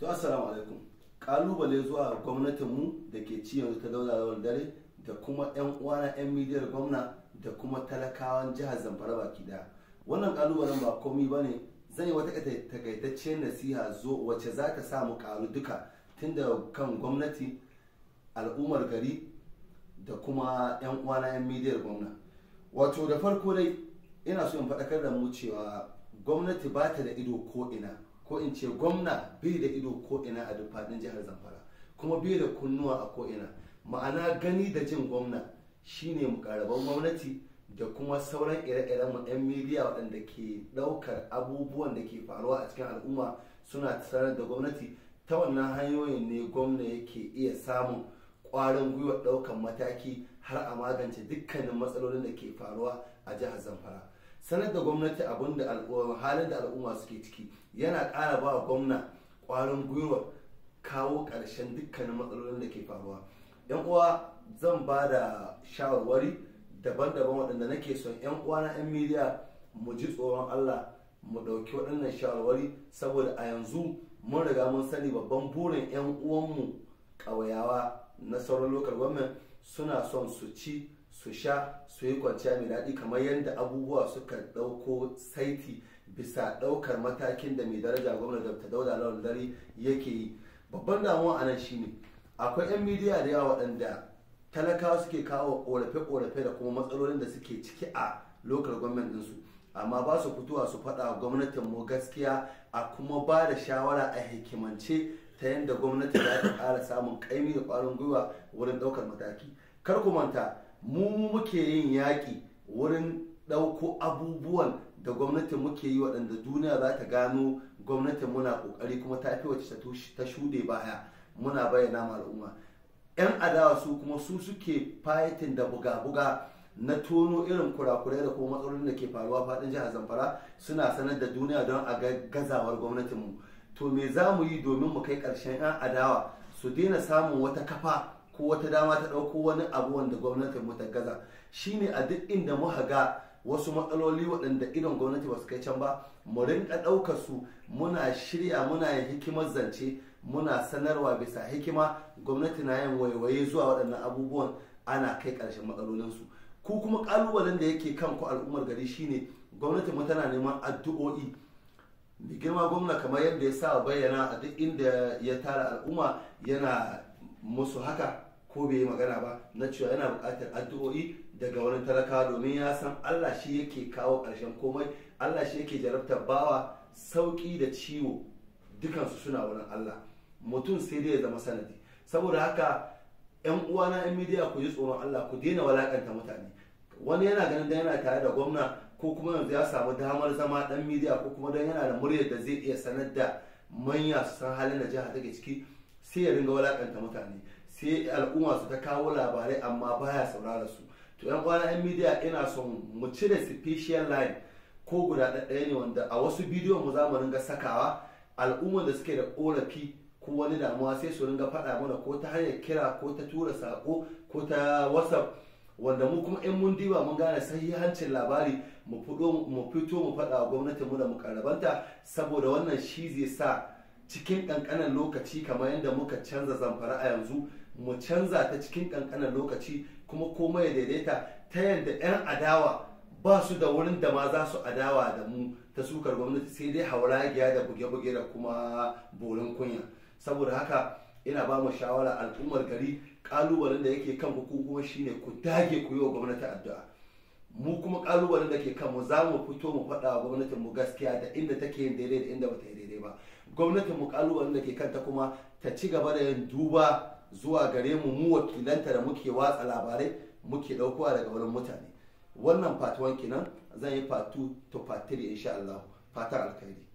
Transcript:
to assalamu alaikum kalubale zuwa gwamnatinmu da ke ci yanzu ta daula rawar dare da kuma 'yan uwana 'yan midiyar gwamna da kuma talakawan jihar zamfara baki daya wannan kalubalen ba komi ba ne zan yi wata takaitaccen nasiha zo wacce za ta samu karu duka tun da kan gwamnati al'ummar gari da kuma 'yan uwana 'yan midiyar gwamna wato da farko dai ina so in faɗakar da mu cewa gwamnati ba ta da ido ko ina ko in ce gwamna biri da ido ko ina a duk faɗin jihar zamfara kuma bai da kunnuwa a ko ina ma'ana gani da jin gwamna shine mukarraban gwamnati da kuma sauran ire-iren mu 'yan midiya waɗanda ke ɗaukar abubuwan da ke faruwa a cikin al'umma suna tsarar da gwamnati ta wannan hanyoyin ne gwamna yake iya samun ƙwarin gwiwa ɗaukar mataki har a magance dukkanin matsalolin da ke faruwa a jihar zamfara sanar da gwamnati abin da halin da al'umma suke ciki yana ƙara ba gwamna ƙwarin gwiwa kawo ƙarshen dukkanin matsalolin da ke faruwa yan uwa zan ba da shawarwari daban-daban waɗanda nake son yan uwa na yan miliya mu ji tsoron allah mu ɗauki waɗannan shawarwari saboda a yanzu mun riga mun sani babban burin yan uwanmu ƙauyawa na sauran lokal gwamnati suna son su ci su sha su yi kwanciya mai daɗi kamar yadda abubuwa suka ɗauko saiti bisa ɗaukar matakin da mai daraja gwamnati da ta dauda lawan dare yake yi babban damuwa a nan shine akwai 'yan midiya da yawa waɗanda talakawa suke kawo ƙorafe-ƙorafe da kuma matsalolin da suke ciki a lokal gwamnati ɗinsu amma ba su fitowa su faɗa gwamnatin mu gaskiya a kuma ba da shawara a hikimance ta yadda gwamnati za ta ƙara samun ƙaimi da ƙwarin gwiwa wurin ɗaukar mataki kar ku manta mu muke yin yaƙi wurin ɗauko abubuwan da gwamnati muke yi waɗanda duniya za ta gano gwamnati muna ƙoƙari kuma ta fi wacce ta shuɗe baya muna bayyana ma al'umma 'yan adawa su kuma su suke fayatin da buga-buga na tono irin kurakurai da kuma matsalolin da ke faruwa faɗin jihar zamfara suna sanar da duniya don a gazawar gwamnatinmu to me za mu yi domin mu kai ƙarshen 'yan adawa su daina samun wata kafa ko wata dama ta ɗauko wani abu wanda gwamnatin mu ta gaza ne a duk inda mu haga wasu matsaloli waɗanda irin gwamnati ba su kai can ba mu rinka ɗaukar su muna shirya muna yin hikimar zance muna sanarwa bisa hikima gwamnati na yin waiwaye zuwa waɗannan abubuwan ana kai ƙarshen matsalolinsu ku kuma ƙalubalen da yake kan ku al'ummar gari shine gwamnati mu tana neman addu'o'i mai girma gwamna kamar yadda ya sa bayyana a duk inda ya tara al'umma yana musu haka ko bai yi magana ba na cewa yana buƙatar addu'o'i daga wani talakawa domin ya san Allah shi yake kawo ƙarshen komai Allah shi yake jarabta bawa sauƙi da ciwo dukansu suna wurin Allah mutum sai dai ya zama sanadi saboda haka yan uwana yan midiya ku ji tsoron Allah ku daina walakanta mutane wani yana ganin da yana tare da gwamna ko kuma yanzu ya samu damar zama ɗan midiya ko kuma dan yana da muryar da zai iya sanar da manya su san halin da jiha take ciki sai ya ringa walakanta mutane sai al'umma su ta kawo labarai amma baya saurara su to yan kwana yan midiya ina son mu cire special line ko guda ɗaya ne wanda a wasu bidiyon mu za mu ringa sakawa al'umma da suke da korafi ko wani damuwa sai su ringa faɗa mana ko ta hanyar kira ko ta tura sako ko ta whatsapp wanda mu kuma in mun diba mun gane sahihancin labari mu fito mu faɗa wa gwamnatin mu da saboda wannan shi zai sa cikin ƙanƙanan lokaci kamar yadda muka canza zamfara a yanzu mu canza ta cikin ƙanƙanan lokaci kuma komai ya daidaita ta yadda 'yan adawa ba su da wurin da ma za su adawa da mu ta sukar gwamnati sai dai ragiya da buge-buge da kuma borin kunya saboda haka ina ba mu shawara al'ummar gari ƙalubalen da yake kan hukumomi shine ku dage ku yi wa gwamnati addu'a mu kuma kalubalen da ke kanmu za mu fito mu faɗa wa gwamnatin mu gaskiya da inda take yin daidai da inda bata yi daidai ba gwamnatin mu kalubalen da ke kanta kuma ta ci gaba da yin duba zuwa gare mu mu wakilanta da muke watsa labarai muke ɗaukowa daga wurin mutane wannan fatuwan kenan zan yi fatu to fatiri insha Allah fatan alkhairi